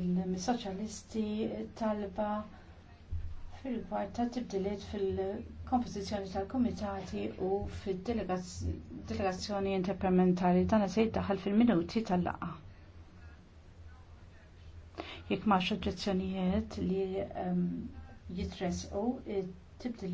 il-soċjalisti talba fil-gwar ta' tibdiliet fil-kompożizzjoni tal-komitati u fil-delegazzjoni interparlamentari dan se jiddaħħal fil-minuti tal laqgħa Jekk ma' oġġezzjonijiet li ehm, jitressqu tibdiliet